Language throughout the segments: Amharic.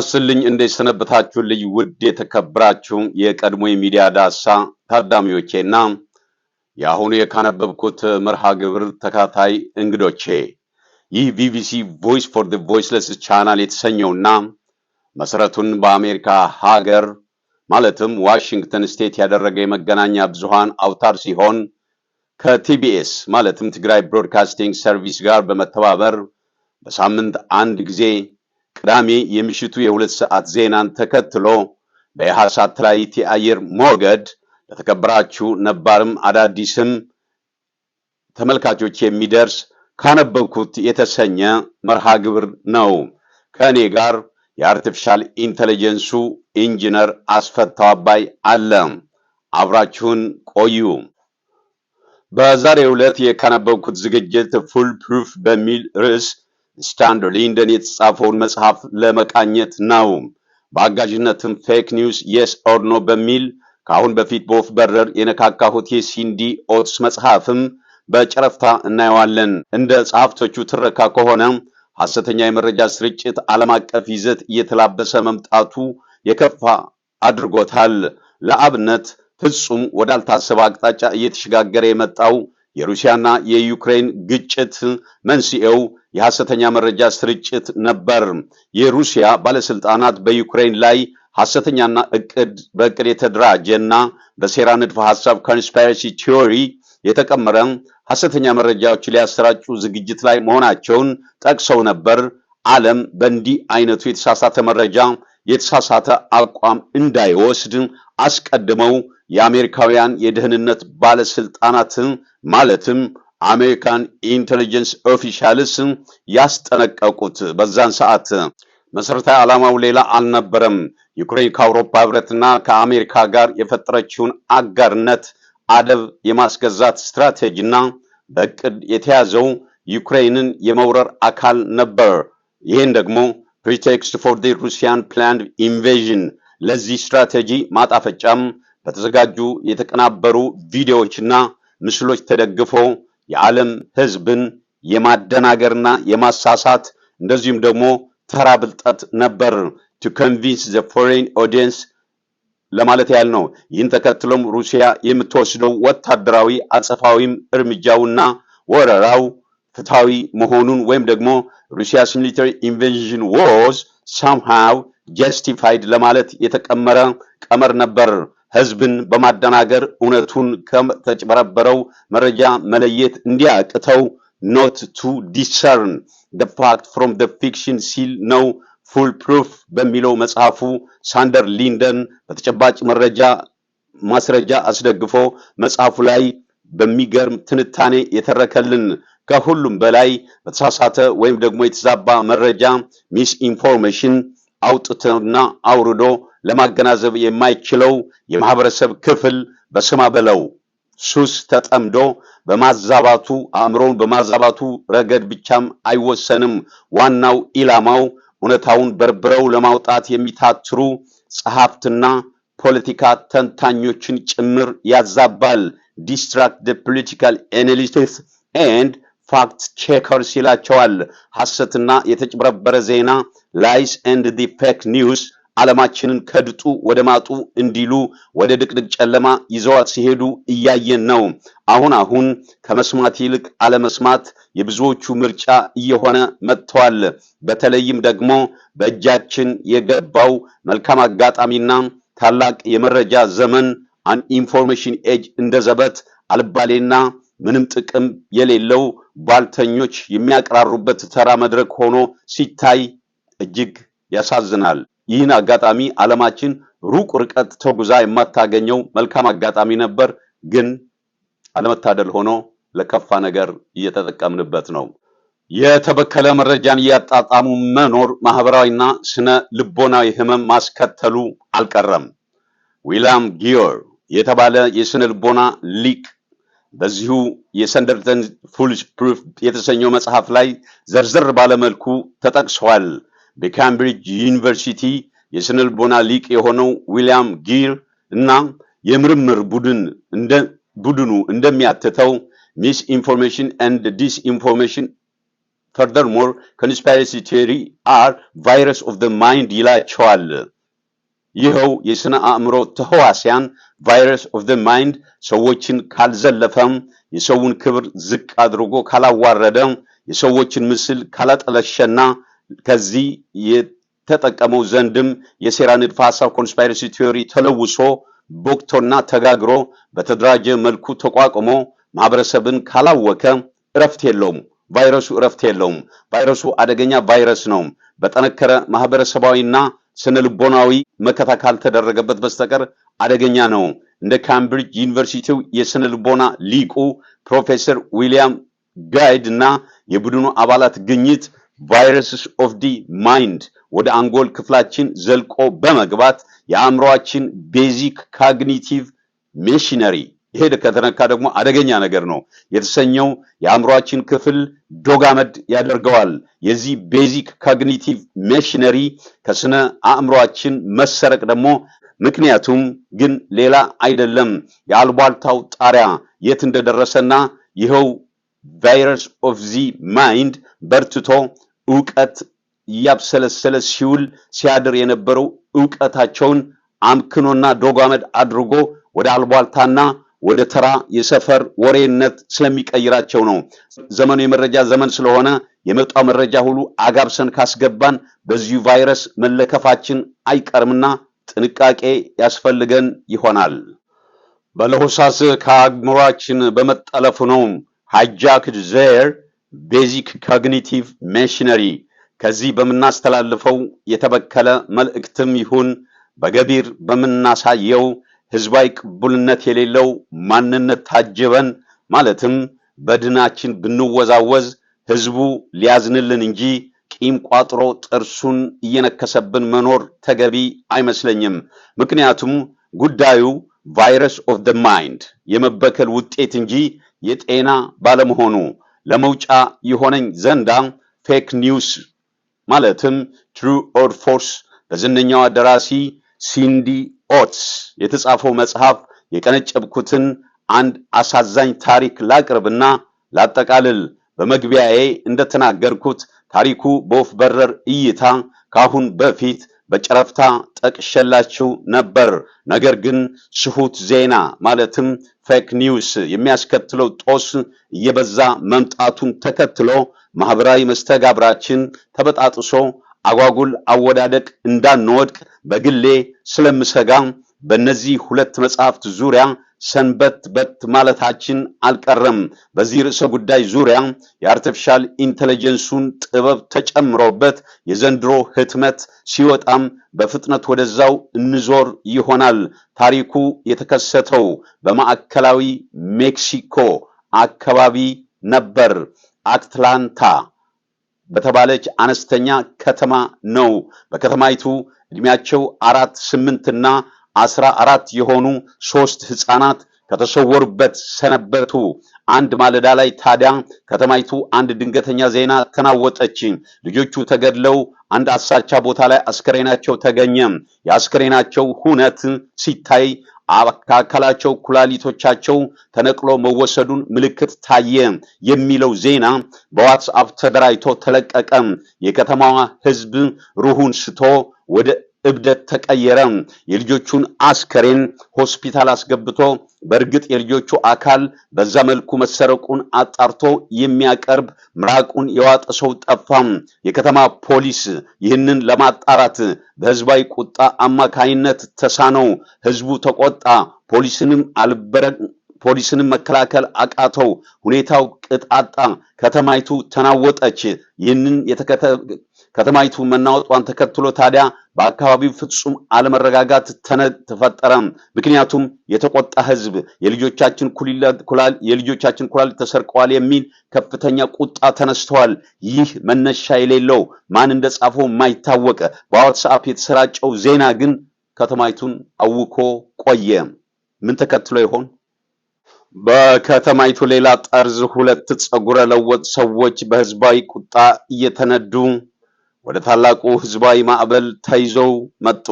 ይስጥልኝ እንዴት ሰነበታችሁልኝ? ውድ የተከበራችሁ የቀድሞ የሚዲያ ዳሳ ታዳሚዎቼና የአሁኑ የካነበብኩት መርሃ ግብር ተካታይ እንግዶቼ ይህ ቢቢሲ ቮይስ ፎር ዘ ቮይስለስ ቻናል የተሰኘውና መሰረቱን በአሜሪካ ሀገር ማለትም ዋሽንግተን ስቴት ያደረገ የመገናኛ ብዙሃን አውታር ሲሆን ከቲቢኤስ ማለትም ትግራይ ብሮድካስቲንግ ሰርቪስ ጋር በመተባበር በሳምንት አንድ ጊዜ ቅዳሜ የምሽቱ የሁለት ሰዓት ዜናን ተከትሎ በኢሃ ሳተላይት የአየር ሞገድ ለተከበራችሁ ነባርም አዳዲስም ተመልካቾች የሚደርስ ካነበብኩት የተሰኘ መርሃ ግብር ነው። ከእኔ ጋር የአርቲፊሻል ኢንቴሊጀንሱ ኢንጂነር አስፈታው አባይ አለ። አብራችሁን ቆዩ። በዛሬው ዕለት የካነበብኩት ዝግጅት ፉል ፕሩፍ በሚል ርዕስ ስታንደር ሊንደን የተጻፈውን መጽሐፍ ለመቃኘት ነው። በአጋዥነትም ፌክ ኒውስ የስ ኦር ኖ በሚል ከአሁን በፊት በወፍ በረር የነካካሁት የሲንዲ ኦትስ መጽሐፍም በጨረፍታ እናየዋለን። እንደ ጸሐፍቶቹ ትረካ ከሆነ ሐሰተኛ የመረጃ ስርጭት ዓለም አቀፍ ይዘት እየተላበሰ መምጣቱ የከፋ አድርጎታል። ለአብነት ፍጹም ወዳልታሰበ አቅጣጫ እየተሸጋገረ የመጣው የሩሲያና የዩክሬን ግጭት መንስኤው የሐሰተኛ መረጃ ስርጭት ነበር። የሩሲያ ባለስልጣናት በዩክሬን ላይ ሐሰተኛና እቅድ በእቅድ የተደራጀና በሴራ ንድፈ ሐሳብ ኮንስፓይረሲ ቲዮሪ የተቀመረ ሐሰተኛ መረጃዎች ሊያሰራጩ ዝግጅት ላይ መሆናቸውን ጠቅሰው ነበር። ዓለም በእንዲህ አይነቱ የተሳሳተ መረጃ የተሳሳተ አቋም እንዳይወስድ አስቀድመው የአሜሪካውያን የደህንነት ባለስልጣናትን ማለትም አሜሪካን ኢንቴሊጀንስ ኦፊሻልስ ያስጠነቀቁት በዛን ሰዓት መሰረታዊ ዓላማው ሌላ አልነበረም። ዩክሬን ከአውሮፓ ህብረትና ከአሜሪካ ጋር የፈጠረችውን አጋርነት አደብ የማስገዛት ስትራቴጂና በእቅድ የተያዘው ዩክሬንን የመውረር አካል ነበር። ይህን ደግሞ ፕሪቴክስት ፎር ዲ ሩሲያን ፕላንድ ኢንቬዥን ለዚህ ስትራቴጂ ማጣፈጫም በተዘጋጁ የተቀናበሩ ቪዲዮዎችና ምስሎች ተደግፎ የዓለም ሕዝብን የማደናገርና የማሳሳት እንደዚሁም ደግሞ ተራ ብልጠት ነበር ቱ ኮንቪንስ ዘ ፎሬን ኦዲየንስ ለማለት ያህል ነው። ይህን ተከትሎም ሩሲያ የምትወስደው ወታደራዊ አጸፋዊም እርምጃውና ወረራው ፍትሐዊ መሆኑን ወይም ደግሞ ሩሲያስ ሚሊታሪ ኢንቨንዥን ዎዝ ሳምሃው ጀስቲፋይድ ለማለት የተቀመረ ቀመር ነበር። ህዝብን በማደናገር እውነቱን ከተጭበረበረው መረጃ መለየት እንዲያቅተው ኖት ቱ ዲሰርን ደ ፋክት ፍሮም ደ ፊክሽን ሲል ነው ፉል ፕሩፍ በሚለው መጽሐፉ ሳንደር ሊንደን በተጨባጭ መረጃ ማስረጃ አስደግፎ መጽሐፉ ላይ በሚገርም ትንታኔ የተረከልን። ከሁሉም በላይ በተሳሳተ ወይም ደግሞ የተዛባ መረጃ ሚስ ኢንፎርሜሽን አውጥቶና አውርዶ ለማገናዘብ የማይችለው የማህበረሰብ ክፍል በስማ በለው ሱስ ተጠምዶ በማዛባቱ አእምሮውን በማዛባቱ ረገድ ብቻም አይወሰንም። ዋናው ኢላማው እውነታውን በርብረው ለማውጣት የሚታትሩ ጸሐፍትና ፖለቲካ ተንታኞችን ጭምር ያዛባል። ዲስትራክት ደ ፖለቲካል ኤናሊስትስ ኤንድ ፋክት ቼከርስ ይላቸዋል። ሐሰትና የተጭበረበረ ዜና ላይስ ኤንድ ዲ ፌክ ኒውስ ዓለማችንን ከድጡ ወደ ማጡ እንዲሉ ወደ ድቅድቅ ጨለማ ይዘዋት ሲሄዱ እያየን ነው። አሁን አሁን ከመስማት ይልቅ አለመስማት የብዙዎቹ ምርጫ እየሆነ መጥተዋል። በተለይም ደግሞ በእጃችን የገባው መልካም አጋጣሚና ታላቅ የመረጃ ዘመን ኢንፎርሜሽን ኤጅ እንደ ዘበት አልባሌና ምንም ጥቅም የሌለው ባልተኞች የሚያቀራሩበት ተራ መድረክ ሆኖ ሲታይ እጅግ ያሳዝናል። ይህን አጋጣሚ ዓለማችን ሩቅ ርቀት ተጉዛ የማታገኘው መልካም አጋጣሚ ነበር። ግን አለመታደል ሆኖ ለከፋ ነገር እየተጠቀምንበት ነው። የተበከለ መረጃን እያጣጣሙ መኖር ማህበራዊና ስነ ልቦናዊ ህመም ማስከተሉ አልቀረም። ዊላም ጊዮር የተባለ የስነ ልቦና ሊቅ በዚሁ የሰንደርተን ፉልሽ ፕሩፍ የተሰኘው መጽሐፍ ላይ ዘርዘር ባለመልኩ ተጠቅሷል። በካምብሪጅ ዩኒቨርሲቲ ልቦና ሊቅ የሆነው ዊሊያም ጊር እና የምርምር ቡድን እንደ ቡድኑ እንደሚያትተው ሚስ ኢንፎርሜሽን ኤንድ ዲስ ኢንፎርሜሽን ፈርደርሞር ኮንስፓይረሲ ቴሪ አር ቫይረስ ኦፍ ዘ ማይንድ ይላቸዋል። ይኸው የስነ አእምሮ ተህዋስያን ቫይረስ ኦፍ ዘ ማይንድ ሰዎችን ካልዘለፈም፣ የሰውን ክብር ዝቅ አድርጎ ካላዋረደም፣ የሰዎችን ምስል ካላጠለሸና ከዚህ የተጠቀመው ዘንድም የሴራ ንድፈ ሐሳብ ኮንስፓይረሲ ቲዮሪ ተለውሶ ቦክቶና ተጋግሮ በተደራጀ መልኩ ተቋቁሞ ማህበረሰብን ካላወከ እረፍት የለውም። ቫይረሱ እረፍት የለውም። ቫይረሱ አደገኛ ቫይረስ ነው። በጠነከረ ማህበረሰባዊና ስነልቦናዊ መከታ ካልተደረገበት በስተቀር አደገኛ ነው። እንደ ካምብሪጅ ዩኒቨርሲቲው የስነልቦና ሊቁ ፕሮፌሰር ዊሊያም ጋይድ እና የቡድኑ አባላት ግኝት ቫይረስስ ኦፍ ዲ ማይንድ ወደ አንጎል ክፍላችን ዘልቆ በመግባት የአእምሮአችን ቤዚክ ካግኒቲቭ ሜሽነሪ ይሄ ከተነካ ደግሞ አደገኛ ነገር ነው የተሰኘው የአእምሮአችን ክፍል ዶጋመድ ያደርገዋል። የዚህ ቤዚክ ካግኒቲቭ ሜሽነሪ ከስነ አእምሮአችን መሰረቅ ደግሞ ምክንያቱም ግን ሌላ አይደለም የአልቧልታው ጣሪያ የት እንደደረሰና ይኸው ቫይረስ ኦፍ ዚ ማይንድ በርትቶ እውቀት እያብሰለሰለ ሲውል ሲያድር የነበረው እውቀታቸውን አምክኖና ዶጓመድ አድርጎ ወደ አልቧልታና ወደ ተራ የሰፈር ወሬነት ስለሚቀይራቸው ነው። ዘመኑ የመረጃ ዘመን ስለሆነ የመጣው መረጃ ሁሉ አጋብሰን ካስገባን በዚሁ ቫይረስ መለከፋችን አይቀርምና ጥንቃቄ ያስፈልገን ይሆናል። በለሆሳስ ከአእምሯችን በመጠለፉ ነው ሃይጃክድ ዜር ቤዚክ ኮግኒቲቭ ሜሽነሪ ከዚህ በምናስተላልፈው የተበከለ መልእክትም ይሁን በገቢር በምናሳየው ህዝባዊ ቅቡልነት የሌለው ማንነት ታጅበን ማለትም በድናችን ብንወዛወዝ ህዝቡ ሊያዝንልን እንጂ ቂም ቋጥሮ ጥርሱን እየነከሰብን መኖር ተገቢ አይመስለኝም። ምክንያቱም ጉዳዩ ቫይረስ ኦፍ ደ ማይንድ የመበከል ውጤት እንጂ የጤና ባለመሆኑ ለመውጫ የሆነኝ ዘንዳ ፌክ ኒውስ ማለትም ትሩ ኦር ፎርስ በዝነኛዋ ደራሲ ሲንዲ ኦትስ የተጻፈው መጽሐፍ የቀነጨብኩትን አንድ አሳዛኝ ታሪክ ላቅርብና ላጠቃልል። በመግቢያዬ እንደተናገርኩት ታሪኩ በወፍ በረር እይታ ካሁን በፊት በጨረፍታ ጠቅሸላችሁ ነበር። ነገር ግን ስሁት ዜና ማለትም ፌክ ኒውስ የሚያስከትለው ጦስ እየበዛ መምጣቱን ተከትሎ ማህበራዊ መስተጋብራችን ተበጣጥሶ አጓጉል አወዳደቅ እንዳንወድቅ በግሌ ስለምሰጋ በእነዚህ ሁለት መጽሐፍት ዙሪያ ሰንበት በት ማለታችን አልቀረም። በዚህ ርዕሰ ጉዳይ ዙሪያ የአርቲፊሻል ኢንቴሊጀንሱን ጥበብ ተጨምሮበት የዘንድሮ ህትመት ሲወጣም በፍጥነት ወደዛው እንዞር ይሆናል። ታሪኩ የተከሰተው በማዕከላዊ ሜክሲኮ አካባቢ ነበር። አትላንታ በተባለች አነስተኛ ከተማ ነው። በከተማይቱ እድሜያቸው አራት ስምንትና አስራ አራት የሆኑ ሶስት ህፃናት ከተሰወሩበት ሰነበቱ። አንድ ማለዳ ላይ ታዲያ ከተማይቱ አንድ ድንገተኛ ዜና ተናወጠች። ልጆቹ ተገድለው አንድ አሳቻ ቦታ ላይ አስከሬናቸው ተገኘ። የአስከሬናቸው ሁነት ሲታይ ከአካላቸው ኩላሊቶቻቸው ተነቅሎ መወሰዱን ምልክት ታየ የሚለው ዜና በዋትስአፕ ተደራጅቶ ተለቀቀ። የከተማዋ ህዝብ ሩሁን ስቶ ወደ እብደት ተቀየረ። የልጆቹን አስከሬን ሆስፒታል አስገብቶ በእርግጥ የልጆቹ አካል በዛ መልኩ መሰረቁን አጣርቶ የሚያቀርብ ምራቁን የዋጠ ሰው ጠፋ የከተማ ፖሊስ ይህንን ለማጣራት በህዝባዊ ቁጣ አማካይነት ተሳነው። ህዝቡ ተቆጣ። ፖሊስንም ፖሊስንም መከላከል አቃተው። ሁኔታው ቅጣጣ፣ ከተማይቱ ተናወጠች። ይህንን ከተማይቱ መናወጧን ተከትሎ ታዲያ በአካባቢው ፍጹም አለመረጋጋት ተፈጠረ። ምክንያቱም የተቆጣ ህዝብ የልጆቻችን የልጆቻችን ኩላል ተሰርቀዋል የሚል ከፍተኛ ቁጣ ተነስተዋል። ይህ መነሻ የሌለው ማን እንደጻፈው የማይታወቅ በዋትስአፕ የተሰራጨው ዜና ግን ከተማይቱን አውኮ ቆየ። ምን ተከትሎ ይሆን? በከተማይቱ ሌላ ጠርዝ ሁለት ጸጉረ ለወጥ ሰዎች በህዝባዊ ቁጣ እየተነዱ ወደ ታላቁ ህዝባዊ ማዕበል ተይዘው መጡ።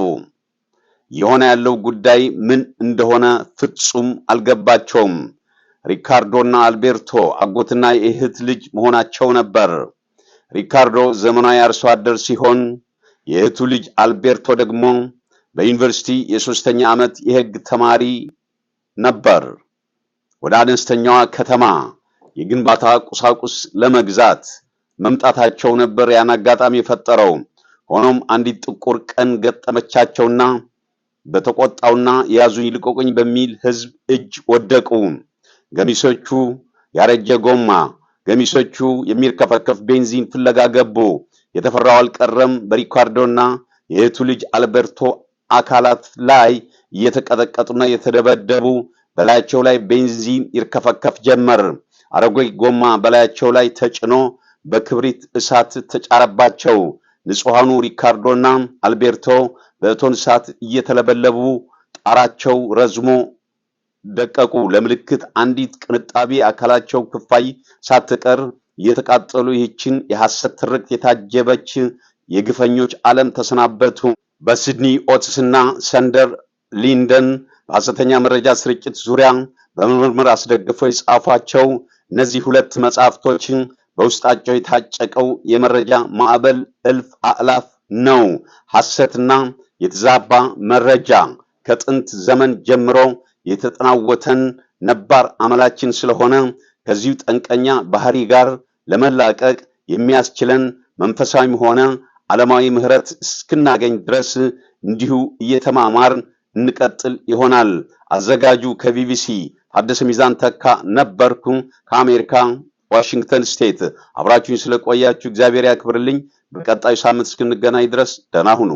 የሆነ ያለው ጉዳይ ምን እንደሆነ ፍጹም አልገባቸውም። ሪካርዶና አልቤርቶ አጎትና የእህት ልጅ መሆናቸው ነበር። ሪካርዶ ዘመናዊ አርሶ አደር ሲሆን የእህቱ ልጅ አልቤርቶ ደግሞ በዩኒቨርሲቲ የሶስተኛ ዓመት የህግ ተማሪ ነበር። ወደ አነስተኛዋ ከተማ የግንባታ ቁሳቁስ ለመግዛት መምጣታቸው ነበር ያን አጋጣሚ የፈጠረው። ሆኖም አንዲት ጥቁር ቀን ገጠመቻቸውና በተቆጣውና የያዙኝ ልቀቁኝ በሚል ህዝብ እጅ ወደቁ። ገሚሶቹ ያረጀ ጎማ፣ ገሚሶቹ የሚርከፈከፍ ቤንዚን ፍለጋ ገቡ። የተፈራው አልቀረም። በሪካርዶና የእህቱ ልጅ አልበርቶ አካላት ላይ እየተቀጠቀጡና እየተደበደቡ በላያቸው ላይ ቤንዚን ይርከፈከፍ ጀመር። አረጎይ ጎማ በላያቸው ላይ ተጭኖ በክብሪት እሳት ተጫረባቸው። ንጹሐኑ ሪካርዶና አልቤርቶ በእቶን እሳት እየተለበለቡ ጣራቸው ረዝሞ ደቀቁ። ለምልክት አንዲት ቅንጣቢ አካላቸው ክፋይ ሳትቀር እየተቃጠሉ ይህችን የሐሰት ትርክት የታጀበች የግፈኞች ዓለም ተሰናበቱ። በሲድኒ ኦትስና ሰንደር ሊንደን በሐሰተኛ መረጃ ስርጭት ዙሪያ በምርምር አስደግፈው የጻፏቸው እነዚህ ሁለት መጽሐፍቶችን በውስጣቸው የታጨቀው የመረጃ ማዕበል እልፍ አእላፍ ነው። ሐሰትና የተዛባ መረጃ ከጥንት ዘመን ጀምሮ የተጠናወተን ነባር አመላችን ስለሆነ ከዚሁ ጠንቀኛ ባህሪ ጋር ለመላቀቅ የሚያስችለን መንፈሳዊም ሆነ ዓለማዊ ምሕረት እስክናገኝ ድረስ እንዲሁ እየተማማር እንቀጥል ይሆናል። አዘጋጁ ከቢቢሲ ታደሰ ሚዛን ተካ ነበርኩ ከአሜሪካ ዋሽንግተን ስቴት። አብራችሁኝ ስለቆያችሁ እግዚአብሔር ያክብርልኝ። በቀጣዩ ሳምንት እስክንገናኝ ድረስ ደህና ሁኑ።